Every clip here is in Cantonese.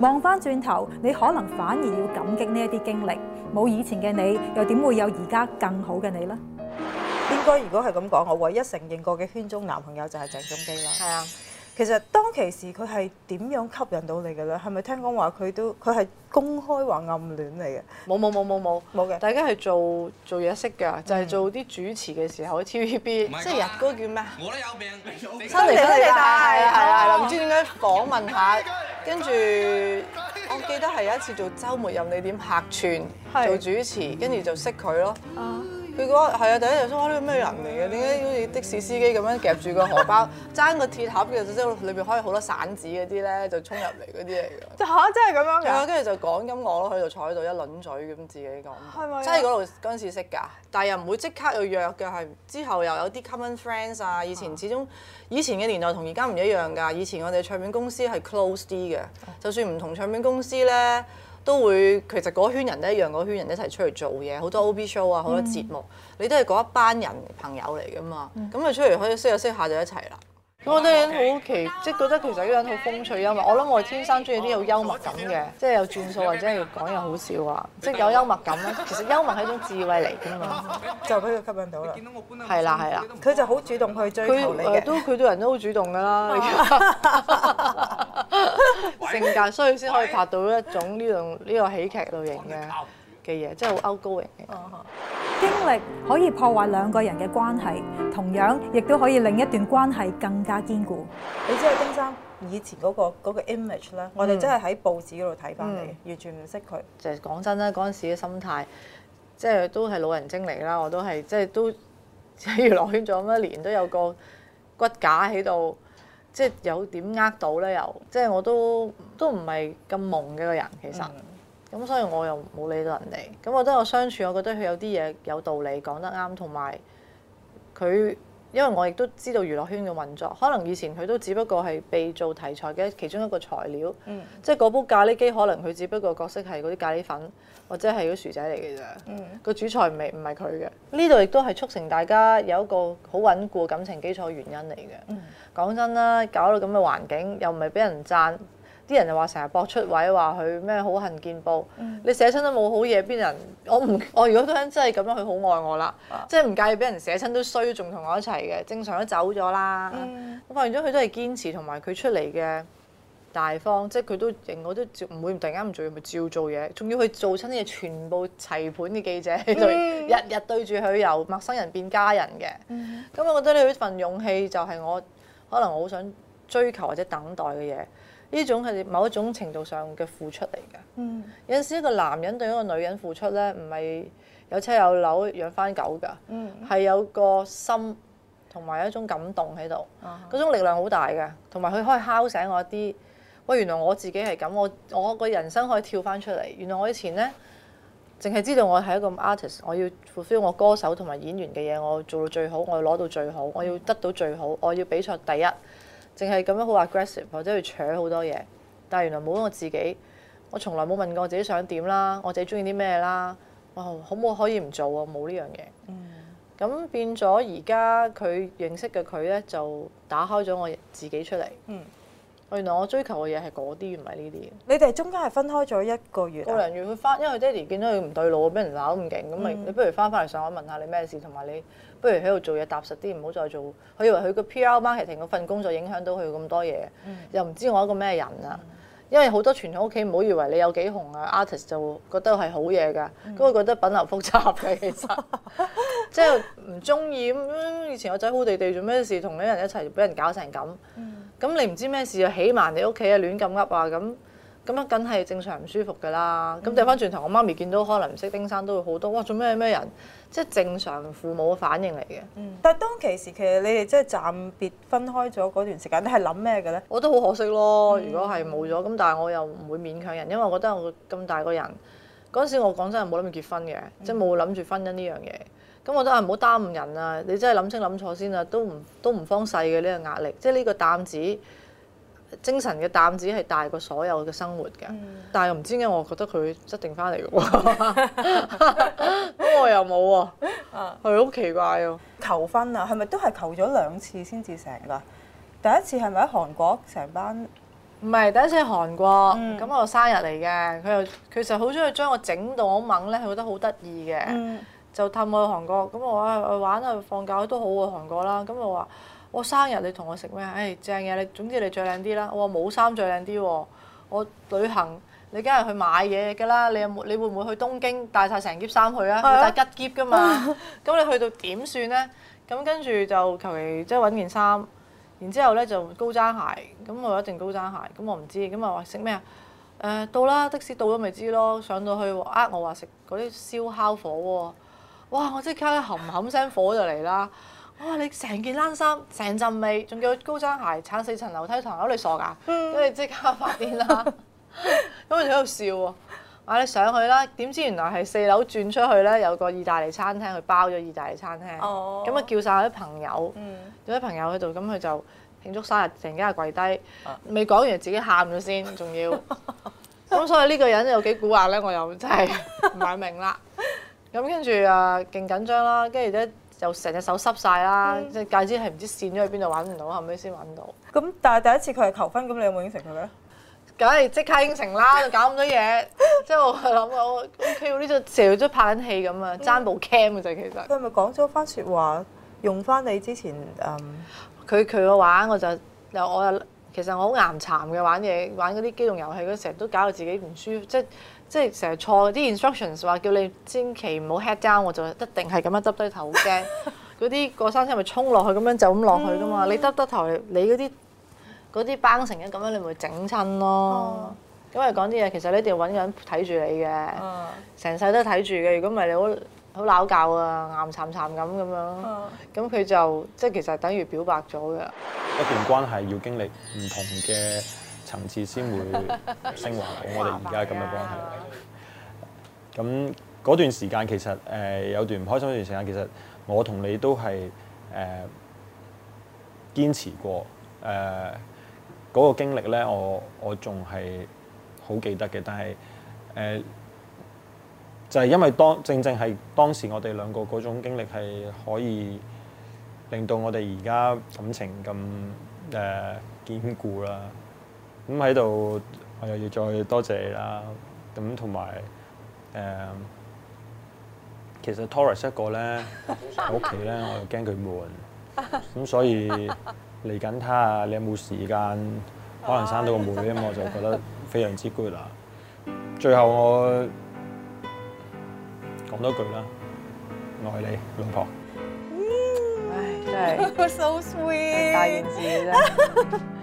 望翻轉頭，你可能反而要感激呢一啲經歷。冇以前嘅你，又點會有而家更好嘅你呢？應該如果係咁講，我唯一承認過嘅圈中男朋友就係鄭中基啦。係啊。其實當其時佢係點樣吸引到你嘅咧？係咪聽講話佢都佢係公開話暗戀嚟嘅？冇冇冇冇冇冇嘅，大家係做做嘢識㗎，就係做啲主持嘅時候，TVB 喺即係日嗰叫咩我都有病，新嚟新嚟曬，係啊係啊，唔知點解訪問下，跟住我記得係有一次做週末任你點客串做主持，跟住就識佢咯。佢講係啊，第一日想我呢個咩人嚟嘅？點解好似的士司機咁樣夾住個荷包，爭 個鐵盒嘅，即係裏邊可以好多散紙嗰啲咧，就衝入嚟嗰啲嚟㗎。嚇！ 真係咁樣嘅。跟住就講緊我咯，喺度坐喺度一輪嘴咁自己講。係咪？真係嗰度嗰陣時識㗎，但係又唔會即刻要約嘅，係之後又有啲 common friends 啊。以前始終以前嘅年代同而家唔一樣㗎。以前我哋唱片公司係 close 啲嘅，就算唔同唱片公司咧。都會其實嗰圈人都一樣，嗰圈人一齊出嚟做嘢，好多 O B show 啊，好多節目，嗯、你都係嗰一班人朋友嚟噶嘛，咁啊、嗯嗯、出嚟可以識下識下就一齊啦。咁 我覺得依個人好奇，即係覺得其實依個人好風趣幽默。我諗我係天生中意啲有幽默感嘅，即係有轉數或者係講嘢好笑啊，即係有幽默感咧。其實幽默係一種智慧嚟㗎嘛， 就俾佢吸引到啦。係啦係啦，佢就好主動去追求你，都佢對人都好主動㗎啦。 性格，所以先可以拍到一種呢種呢個喜劇類型嘅嘅嘢，即係好 outgoing 嘅。經歷可以破壞兩個人嘅關係，同樣亦都可以令一段關係更加堅固。 你知阿金生以前嗰個嗰個 image 咧，我哋真係喺報紙嗰度睇翻你， 完全唔識佢。就係講真啦，嗰陣時嘅心態，即係都係老人精嚟啦，我都係即係都喺娛樂圈做咁多年，都有個骨架喺度。即係有點呃到咧，又即係我都都唔係咁懵嘅一個人，其實咁 所以我又冇理到人哋。咁我覺得我相處，我覺得佢有啲嘢有道理，講得啱，同埋佢。因為我亦都知道娛樂圈嘅運作，可能以前佢都只不過係被做題材嘅其中一個材料，嗯、即係嗰煲咖喱雞可能佢只不過角色係嗰啲咖喱粉，或者係嗰薯仔嚟嘅啫，個、嗯、主材唔係唔係佢嘅。呢度亦都係促成大家有一個好穩固感情基礎原因嚟嘅。講、嗯、真啦，搞到咁嘅環境，又唔係俾人贊。啲人就話成日博出位，話佢咩好恨見報。嗯、你寫親都冇好嘢，邊人？我唔，我如果嗰陣真係咁樣，佢好愛我啦。即係唔介意俾人寫親都衰，仲同我一齊嘅。正常都走咗啦。嗯、我發現咗佢都係堅持，同埋佢出嚟嘅大方，即係佢都認，我都唔會突然間唔做嘢，咪照做嘢。仲要佢做親啲嘢，全部齊盤嘅記者喺度，日日、嗯、對住佢由陌生人變家人嘅。咁、嗯嗯、我覺得你份勇氣就係我可能我好想追求或者等待嘅嘢。呢種係某一種程度上嘅付出嚟嘅。嗯、有陣時一個男人對一個女人付出咧，唔係有車有樓養翻狗㗎，係、嗯、有個心同埋有一種感動喺度。嗰、嗯、種力量好大嘅，同埋佢可以敲醒我一啲。喂，原來我自己係咁，我我個人生可以跳翻出嚟。原來我以前咧，淨係知道我係一個 artist，我要 fulfill 我歌手同埋演員嘅嘢，我做到最好，我要攞到最好，我要得到最好。嗯、我要得到最好，我要比賽第一。淨係咁樣好 aggressive，或者去搶好多嘢，但係原來冇咗我自己，我從來冇問過我自己想點啦，我自己中意啲咩啦，哇，可唔可以唔做啊？冇呢樣嘢，咁變咗而家佢認識嘅佢咧，就打開咗我自己出嚟。嗯原來我追求嘅嘢係嗰啲，唔係呢啲。你哋中間係分開咗一個月，個零月。佢翻，因為爹哋見到佢唔對路，俾人鬧咁勁，咁咪、嗯、你不如翻返嚟上海問下你咩事，同埋你不如喺度做嘢踏實啲，唔好再做。佢以為佢個 PR marketing 嗰份工作影響到佢咁多嘢，嗯、又唔知我一個咩人啊！嗯因為好多傳統屋企唔好以為你有幾紅啊，artist 就會覺得係好嘢㗎，咁、嗯、會覺得品流複雜㗎。其實即係唔中意咁。以前我仔好地地做咩事？同啲人一齊，俾人搞成咁。咁、嗯、你唔知咩事就起埋你屋企啊，亂咁噏啊咁。咁啊，梗係正常唔舒服噶啦。咁掉翻轉頭，我媽咪見到可能唔識丁生都會好多。哇，做咩咩人？即係正常父母反應嚟嘅。嗯、但係當其時，其實你哋即係暫別分開咗嗰段時間，你係諗咩嘅咧？我都好可惜咯。如果係冇咗咁，嗯、但係我又唔會勉強人，因為我覺得我咁大個人。嗰陣時我講真係冇諗住結婚嘅，嗯、即係冇諗住婚姻呢樣嘢。咁、嗯嗯、我覺得唔好耽誤人啊！你真係諗清諗楚先啊，都唔都唔方細嘅呢個壓力，即係呢個擔子。精神嘅擔子係大過所有嘅生活嘅，嗯、但係又唔知點解我覺得佢一定翻嚟嘅喎，咁 我又冇喎，佢好、啊、奇怪喎。求婚啊，係咪都係求咗兩次先至成㗎？第一次係咪喺韓國成班？唔係，第一次喺韓國，咁我、嗯、生日嚟嘅，佢又其實好中意將我整到好猛咧，佢覺得好得意嘅，嗯、就氹我去韓國，咁我係去玩啊，放假都好喎，韓國啦，咁我話。我、哦、生日你同我食咩？誒、哎、正嘢你，總之你着靚啲啦。我話冇衫着靚啲喎。我旅行你梗係去買嘢㗎啦。你有冇？你會唔會去東京帶晒成喼衫去啊？要帶吉喼 c 㗎嘛？咁 你去到點算咧？咁跟住就求其即係揾件衫。然之後咧就高踭鞋，咁我一定高踭鞋。咁我唔知。咁啊話食咩啊？誒、呃、到啦，的士到咗咪知咯。上到去呃我話食嗰啲燒烤火喎、哦。哇！我即刻含一冚冚聲火就嚟啦～哇、哦！你成件冷衫，成陣味，仲叫高踭鞋，撐四層樓梯上樓，你傻噶？跟住、嗯、即刻發癲啦，咁佢喺度笑喎，話你上去啦。點知原來係四樓轉出去咧，有個意大利餐廳，佢包咗意大利餐廳。咁啊、哦，叫晒我啲朋友，啲朋友喺度，咁佢就慶祝生日，成家跪低，未講完自己喊咗先，仲要。咁 所以呢個人有幾蠱惑咧，我又真係唔係明啦。咁跟住啊，勁緊張啦，跟住咧。就成隻手濕晒啦，嗯、即戒指係唔知閃咗去邊度揾唔到，後尾先揾到。咁但係第一次佢係求婚，咁你有冇應承佢咧？梗係即刻應承啦，就 搞咁多嘢，即我諗我 O K 用呢就成日都拍緊戲咁啊，爭部 cam 啊，就其實、就係。佢係咪講咗番説話，用翻你之前誒？佢佢個玩我就又我其實我好岩蠶嘅玩嘢，玩嗰啲機動遊戲嗰陣成日都搞到自己唔舒服啫。即即係成日錯啲 instructions，話叫你千祈唔好 head down，我就一定係咁樣耷低頭，好驚。嗰啲過山車咪衝落去咁樣就咁落去噶嘛，你耷低頭你嗰啲嗰啲崩成咁樣，你咪整親咯。嗯、因為講啲嘢，其實你一定要揾個人睇住你嘅，成、嗯、世都睇住嘅。如果唔係你好好鬧交啊，岩潺潺咁咁樣，咁佢、嗯、就即係其實等於表白咗嘅 一段關係，要經歷唔同嘅。層次先會升華到我哋而家咁嘅關係。咁嗰段時間其實誒、呃、有段唔開心段時間，其實我同你都係誒、呃、堅持過。誒、呃、嗰、那個經歷咧，我我仲係好記得嘅。但係誒、呃、就係、是、因為當正正係當時我哋兩個嗰種經歷，係可以令到我哋而家感情咁誒、呃、堅固啦。咁喺度，我又要再多謝你啦。咁同埋，誒、呃，其實 Torres 一個咧，屋企咧，我又驚佢悶。咁所以嚟緊他啊，你有冇時間？可能生到個妹，妹，咁我就覺得非常之 good 啦。最後我講多句啦，愛你老婆、嗯。唉，真係。So sweet。啦。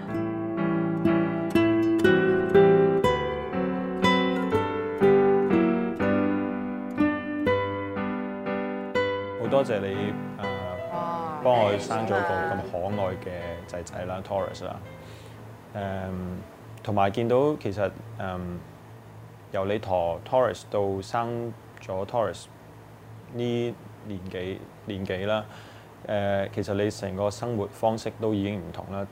多謝，謝你誒、呃、哇幫我生咗個咁可愛嘅仔仔啦 Torres 啦，同埋見到其實誒、嗯、由你陀 Torres 到生咗 Torres 呢年紀年紀啦，誒、嗯、其實你成個生活方式都已經唔同啦，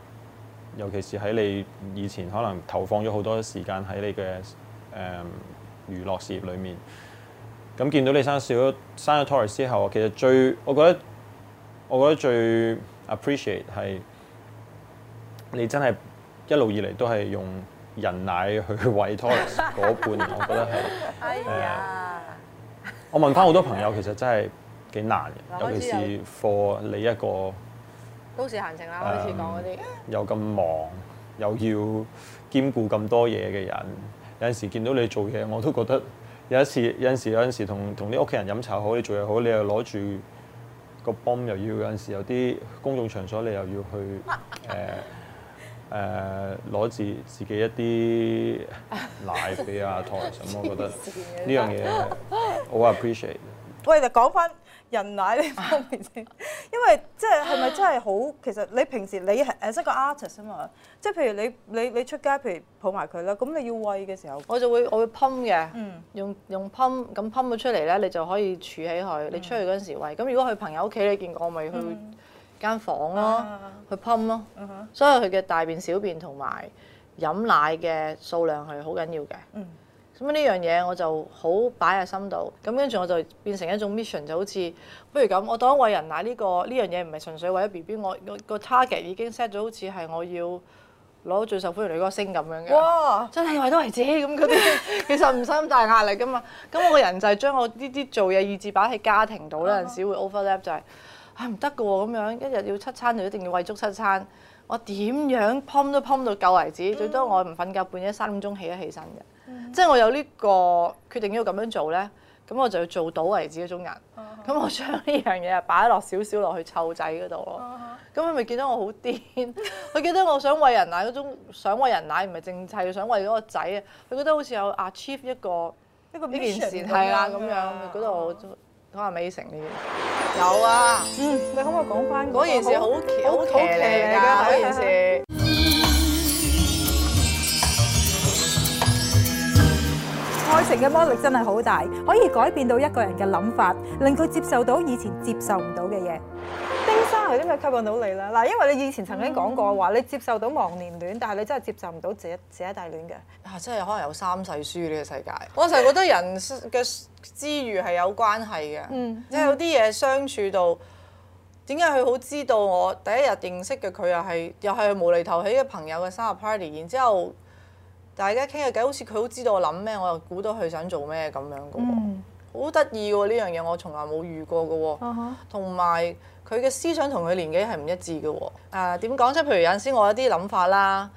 尤其是喺你以前可能投放咗好多時間喺你嘅誒、嗯、娛樂事業裡面。咁見到你生小，生咗 Torres 之後，其實最我覺得我覺得最 appreciate 係你真係一路以嚟都係用人奶去餵 Torres 嗰半年， 我覺得係、哎呀呃。我問翻好多朋友， 其實真係幾難，尤其是 for 你一個都市行程啦，呃、開始講嗰啲又咁忙又要兼顧咁多嘢嘅人，有陣時見到你做嘢，我都覺得。有陣時有陣時有陣時同同啲屋企人飲茶好，你做嘢好，你又攞住個泵，又要，有陣時有啲公眾場所你又要去誒、誒攞自自己一啲奶俾阿、啊、台，什麼 我覺得呢樣嘢我 I appreciate。喂，就講翻。人奶呢方面先， 因為即係係咪真係好？其實你平時你係 as 個 artist 啊嘛，即係譬如你你你出街，譬如抱埋佢啦，咁你要餵嘅時候，我就會我會噴嘅、嗯，用用噴咁噴咗出嚟咧，你就可以儲起佢，你出去嗰陣時餵。咁如果去朋友屋企你見過咪去、嗯、間房咯、啊，啊啊啊、去噴咯、啊。嗯、哼所以佢嘅大便、小便同埋飲奶嘅數量係好緊要嘅。嗯咁呢樣嘢我就好擺喺心度，咁跟住我就變成一種 mission，就好似不如咁，我當餵人奶、啊、呢、呢個呢樣嘢唔係純粹為咗 B B，我，我個 target 已經 set 咗，好似係我要攞到最受歡迎女歌星咁樣嘅。哇！真係為咗自止？咁嗰啲，其實唔使咁大壓力噶嘛。咁我個人就係將我呢啲做嘢意志擺喺家庭度咧，有陣時會 overlap 就係啊唔得噶喎咁樣，一日要七餐就一定要餵足七餐，我點樣 pump 都 pump 到夠為止，最多我唔瞓覺半夜三點鐘起一起身嘅。嗯、即係我有呢個決定要咁樣做咧，咁我就要做到為止嗰種人。咁、哦、喊我將呢樣嘢擺落少少落去湊仔嗰度咯。咁佢咪見到我好癲？佢記 得我想餵人奶嗰種，想餵人奶唔係淨係想餵嗰個仔啊？佢覺得好似有 achieve 一個呢、嗯、件事係啦咁樣嗰度，睇下 mission 有啊，嗯，你可唔可以講翻嗰件事好奇好好奇㗎嗰件事？愛情嘅魔力真係好大，可以改變到一個人嘅諗法，令佢接受到以前接受唔到嘅嘢。丁生，係點解吸引到你啦！嗱，因為你以前曾經講過話，你接受到忘年戀，但係你真係接受唔到姐弟戀嘅。啊，真係可能有三世書呢個世界。我成日覺得人嘅知遇係有關係嘅，即係 有啲嘢相處到，點解佢好知道我第一日認識嘅佢又係又係無厘頭起嘅朋友嘅生日 party，然之後。大家傾下偈，好似佢好知道我諗咩，我又估到佢想做咩咁樣嘅喎，好得意喎！呢樣嘢我從來冇遇過嘅喎，同埋佢嘅思想同佢年紀係唔一致嘅喎。誒，點講即係，譬如有陣時我有啲諗法啦，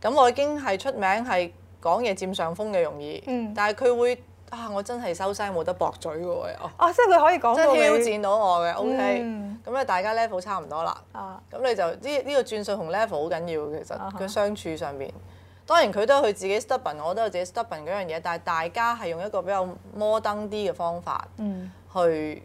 咁我已經係出名係講嘢佔上風嘅容易，但係佢會啊，我真係收聲冇得駁嘴嘅喎，即係佢可以講到挑戰到我嘅、嗯、，OK，咁啊大家 level 差唔多啦，咁你就呢呢、呢個轉數同 level 好緊要，其實佢相處上邊。當然佢都有佢自己 stubborn，我都有自己 stubborn 嗰樣嘢，但係大家係用一個比較摩登啲嘅方法去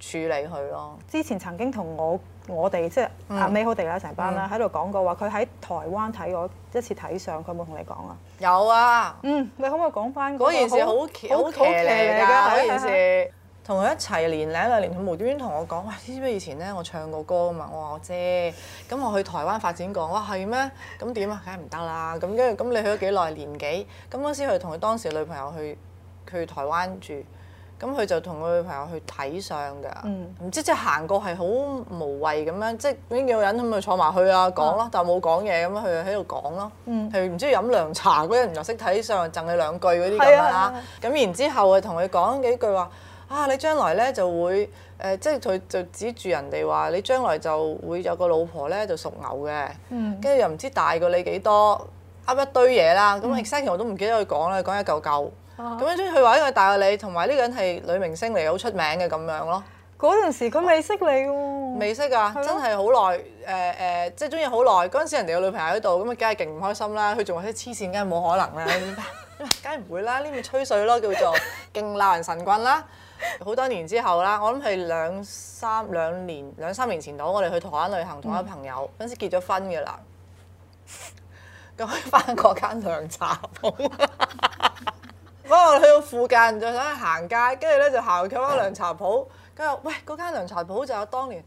處理佢咯。嗯嗯嗯、之前曾經同我我哋即係啊美好地啦成班啦喺度講過話，佢喺台灣睇過一次睇相，佢有冇同你講啊？有啊，嗯，你可唔可以講翻嗰件事好好奇嘅嗰件事？同佢一齊年兩兩年，佢無端端同我講：喂，知唔知以前咧我唱過歌噶嘛？我話我知。咁我去台灣發展講，哇係咩？咁點啊？梗係唔得啦。咁跟住咁你去咗幾耐年紀？咁嗰時佢同佢當時女朋友去去台灣住，咁佢就同佢女朋友去睇相㗎。唔、嗯、知即係行過係好無謂咁樣，即係幾個人咁咪坐埋去啊講咯，但係冇講嘢咁樣，佢喺度講咯。佢唔、嗯、知飲涼茶嗰人就識睇相，贈你兩句嗰啲咁啦。咁、嗯嗯、然之後啊，同佢講幾句話。啊！你將來咧就會誒，即係佢就指住人哋話你將來就會有個老婆咧，就屬牛嘅。嗯。跟住又唔知大過你幾多，噏一堆嘢啦。咁 Ethan 其實我都唔記得佢講啦，講一嚿嚿。哦。咁樣所以佢話呢個大過你，同埋呢個人係女明星嚟，好出名嘅咁樣咯。嗰陣時佢未識你喎。未識㗎，真係好耐誒誒，即係中意好耐。嗰陣時人哋有女朋友喺度，咁啊梗係勁唔開心啦。佢仲話啲黐線，梗係冇可能啦。點解？梗係唔會啦，呢咪吹水咯，叫做勁鬧人神棍啦。好多年之後啦，我諗係兩三兩年兩三年前度，我哋去台灣旅行，同一朋友嗰陣時結咗婚嘅啦，咁去翻嗰間涼茶鋪。我去到附近，就想去行街，跟住咧就行去佢嗰間涼茶鋪。跟住，喂，嗰間涼茶鋪就有當年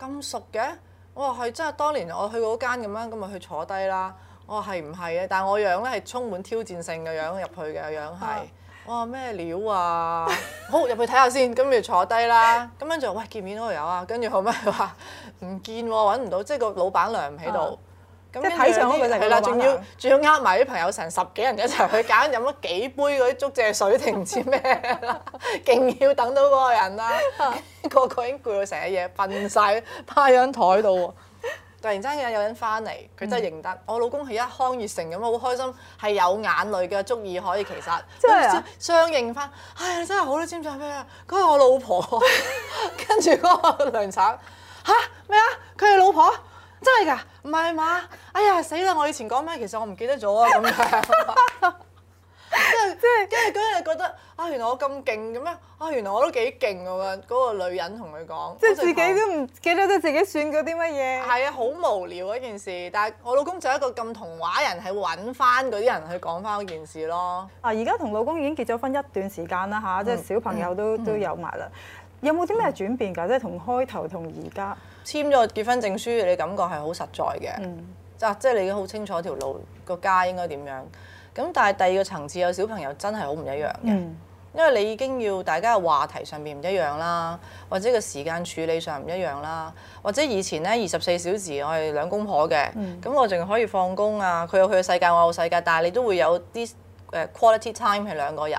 咁熟嘅？我話係真係當年我去嗰間咁樣，咁咪去坐低啦。我話係唔係嘅，但係我樣咧係充滿挑戰性嘅樣入去嘅樣係。哇，咩料啊！好，入去睇下先，跟住坐低啦。咁樣就喂見面嗰度有啊，跟住後尾話唔見揾唔到，即係個老闆娘唔喺度。即係睇上嗰個就係啦，仲要仲要呃埋啲朋友成十幾人一齊去揀飲咗幾杯嗰啲竹蔗水定唔知咩啦，勁要等到嗰個人啦，個個已經攰到成日夜瞓曬趴喺張台度喎。突然之間有有人翻嚟，佢真係認得、嗯、我老公係一腔熱誠咁啊，好開心係有眼淚嘅足以可以其實是相認翻，係真係好多尖仔咩啊？佢係我老婆， 跟住嗰個梁生吓咩啊？佢係 老婆真係㗎？唔係嘛？哎呀死啦！我以前講咩其實我唔記得咗啊咁樣。 即係即係，即係嗰日覺得啊，原來我咁勁咁樣啊，原來我都幾勁咁樣。嗰、嗰個女人同佢講，即係自己都唔記得得自己選嗰啲乜嘢。係啊，好無聊嗰件事。但係我老公就一個咁童話人,係揾翻嗰啲人去講翻嗰件事咯。啊，而家同老公已經結咗婚一段時間啦吓，即係、嗯嗯啊就係、小朋友都都有埋啦。嗯、有冇啲咩轉變㗎？嗯、即係同開頭同而家簽咗結婚證書，你感覺係好實在嘅。嗯，即、就、係、是、你已經好清楚條路個家應該點樣。咁但係第二個層次有小朋友真係好唔一樣嘅，嗯、因為你已經要大家嘅話題上面唔一樣啦，或者個時間處理上唔一樣啦，或者以前咧二十四小時我係兩公婆嘅，咁、嗯、我仲可以放工啊，佢有佢嘅世界，我有世界，但係你都會有啲誒 quality time 係兩個人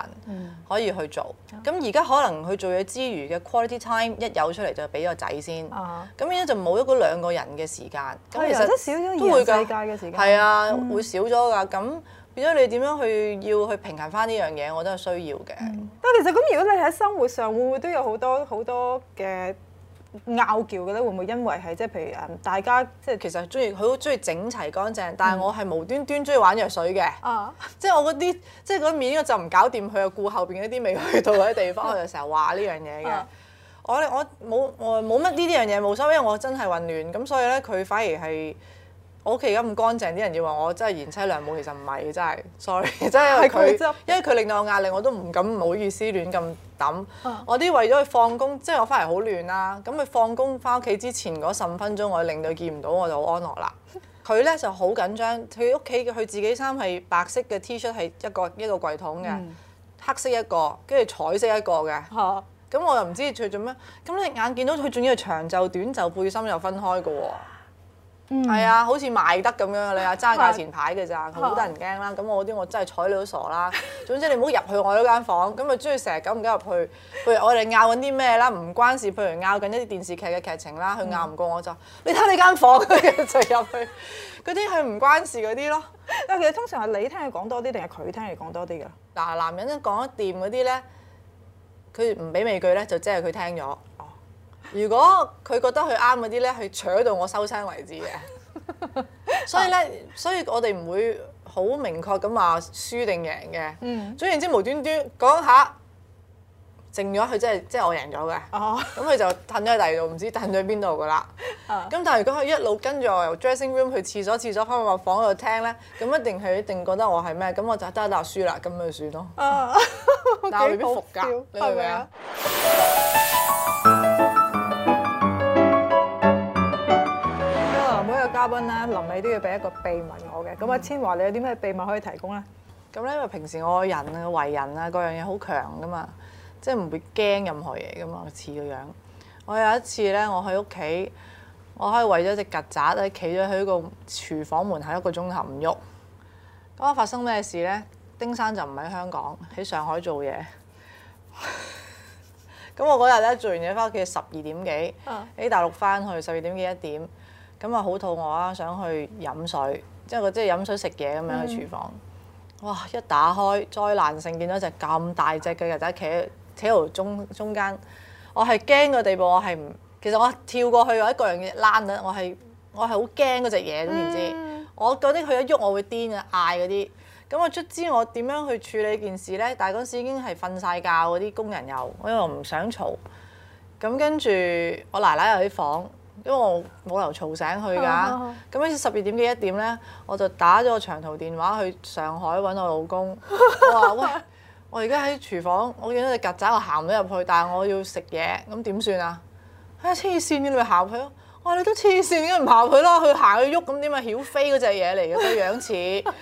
可以去做。咁而家可能佢做嘢之餘嘅 quality time 一有出嚟就俾個仔先，咁樣、啊、哈 就冇咗嗰兩個人嘅時間。咁其實都會㗎，係啊，嗯、會少咗㗎咁。變咗你點樣去要去平衡翻呢樣嘢，我都係需要嘅。嗯、但其實咁，如果你喺生活上會唔會都有好多好多嘅拗撬嘅咧？會唔會，會，會因為係即係譬如誒，大家即係其實中意佢好中意整齊乾淨，但係我係無端端中意玩藥水嘅。啊、 即係我嗰啲，即係嗰面嗰陣唔搞掂，佢又顧後邊嗰啲未去到嗰啲地方，啊、我就成日話呢樣嘢嘅、啊。我我冇我冇乜呢啲樣嘢冇所謂，我，因為我真係混亂咁，所以咧佢反而係。我屋企而家咁唔乾淨，啲人要話我真係賢妻良母，其實唔係，真係，sorry，真係佢，因為佢 令到我壓力，我都唔敢，唔好意思亂，亂咁抌。我啲為咗佢放工，即係我翻嚟好亂啦。咁佢放工翻屋企之前嗰十五分鐘，我令到佢見唔到我就好安樂啦。佢咧 就好緊張，佢屋企佢自己衫係白色嘅 T 恤，係一個一個櫃桶嘅，嗯、黑色一個，跟住彩色一個嘅。嚇、啊！咁我又唔知佢做咩？咁你眼見到佢仲要長袖、短袖、背心又分開嘅喎？係、嗯、啊，好似賣得咁樣你啊，揸價錢牌嘅咋，好得人驚啦。咁我啲我真係睬你都傻啦。總之你唔好入去我嗰間房，咁咪中意成日搞唔記入去。譬如我哋拗緊啲咩啦，唔關事。譬如拗緊一啲電視劇嘅劇情啦，佢拗唔過我就，你睇你間房，佢 就入去。嗰啲佢唔關事嗰啲咯。 但其實通常係你聽佢講多啲定係佢聽你講多啲㗎？嗱，男人講得掂嗰啲咧，佢唔俾味句咧，就即係佢聽咗。如果佢覺得佢啱嗰啲咧，係搶到我收聲為止嘅，所以咧，所以我哋唔會好明確咁話輸定贏嘅。嗯，總言之無端端講下，剩咗佢真係即係我贏咗嘅。哦，咁佢就褪咗第二度，唔知褪到邊度噶啦。啊，咁但係如果佢一路跟住我由 dressing room 去廁所廁所，翻去房度聽咧，咁一定係一定覺得我係咩？咁我就得一沓輸啦，咁咪算咯。但係我未必服㗎，你明唔明啊？嘉賓啦，臨尾都要俾一個秘密我嘅。咁阿、嗯啊、千華，你有啲咩秘密可以提供咧？咁咧，因為平時我個人啊、為人啊各樣嘢好強噶嘛，即係唔會驚任何嘢噶嘛，似個樣,樣。我有一次咧，我喺屋企，我可以為咗隻曱甴咧，企咗喺個廚房門口一個鐘頭唔喐。咁啊，發生咩事咧？丁生就唔喺香港，喺上海做嘢。咁 我嗰日咧做完嘢翻屋企十二點幾，喺、啊、大陸翻去十二點幾一點。咁啊，好肚餓啊，想去飲水，即係佢即係飲水食嘢咁樣去廚房。Mm hmm. 哇！一打開災難性，見到隻咁大隻嘅狗仔企喺企喺中中間，我係驚嘅地步，我係唔……其實我跳過去又一個人嘅躝緊，我係我係好驚嗰隻嘢，總言之，我覺得佢一喐我會癲啊，嗌嗰啲。咁我出知我點樣去處理件事咧？但係嗰時已經係瞓晒覺嗰啲工人又，因為我又唔想嘈。咁跟住我奶奶又喺房。因為我冇理由嘈醒佢㗎，咁樣十二點幾一點咧，我就打咗個長途電話去上海揾我老公，我話 喂，我而家喺廚房，我見到隻曱甴，我行唔到入去，但係我要食嘢，咁點算啊？啊黐線嘅，你咪行去咯！哇！你都黐線，梗係唔行佢啦，佢行去喐咁點啊？曉飛嗰隻嘢嚟嘅都樣似，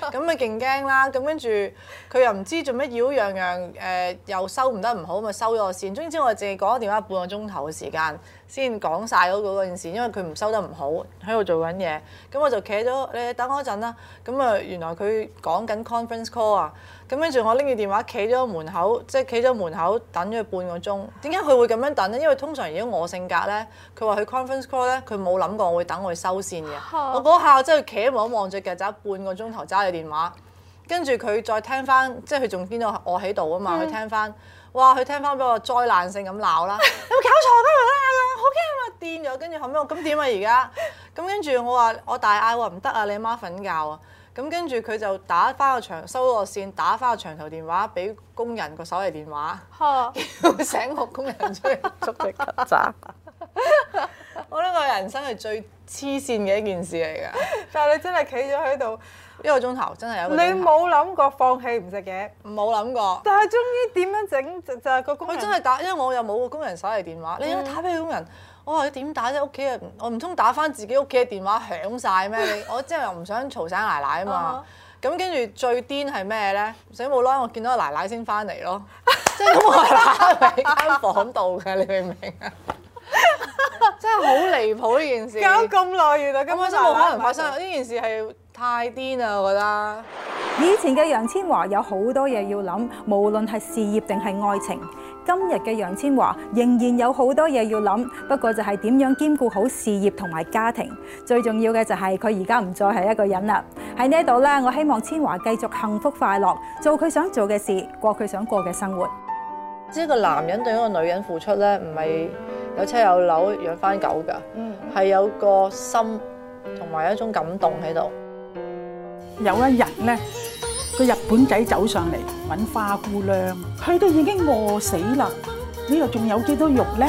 咁咪勁驚啦！咁跟住佢又唔知做咩妖樣樣誒、呃，又收唔得唔好，咪收咗線。總之我淨係講咗電話半個鐘頭嘅時間先講晒嗰個件事，因為佢唔收得唔好喺度做緊嘢。咁我就企咗你等我一陣啦。咁啊，原來佢講緊 conference call 啊。咁跟住我拎住電話企咗門口，即係企咗門口等咗佢半個鐘。點解佢會咁樣等咧？因為通常如果我性格咧，佢話去 conference call 咧，佢冇諗過我會等我收線嘅。我嗰下我真係企喺門口望住曱甴半個鐘頭揸住電話，跟住佢再聽翻，即係佢仲知道我喺度啊嘛。佢聽翻，哇！佢聽翻俾我災難性咁鬧啦，有冇搞錯㗎？好驚啊嘛，癲咗。跟住後屘我咁點啊？而家咁跟住我話我大嗌話唔得啊！你阿媽瞓覺啊！咁跟住佢就打翻個長收落線，打翻個長途電話俾工人個手提電話，哈叫醒個工人出嚟捉隻曱甴。 我覺得我人生係最黐線嘅一件事嚟㗎。 但係你真係企咗喺度。一個鐘頭真係有。你冇諗過放棄唔食嘢？冇諗過。但係終於點樣整就就係個工，佢真係打，因為我又冇個工人手嚟電話。你打俾工人，我話你點打啫？屋企人，我唔通打翻自己屋企嘅電話響晒咩？你我即係又唔想嘈醒奶奶啊嘛。咁跟住最癲係咩咧？死冇啦，我見到個奶奶先翻嚟咯。即係我係打喺間房度嘅，你明唔明啊？真係好離譜呢件事。搞咁耐原來根本都冇可能發生呢件事係。太癲啦！我覺得以前嘅楊千嬅有好多嘢要諗，無論係事業定係愛情。今日嘅楊千嬅仍然有好多嘢要諗，不過就係點樣兼顧好事業同埋家庭。最重要嘅就係佢而家唔再係一個人啦。喺呢度咧，我希望千嬅繼續幸福快樂，做佢想做嘅事，過佢想過嘅生活。即係個男人對一個女人付出咧，唔係有車有樓養翻狗㗎，係有個心同埋有一種感動喺度。有一日咧，個日本仔走上嚟揾花姑娘，佢都已經餓死啦，呢度仲有幾多肉呢？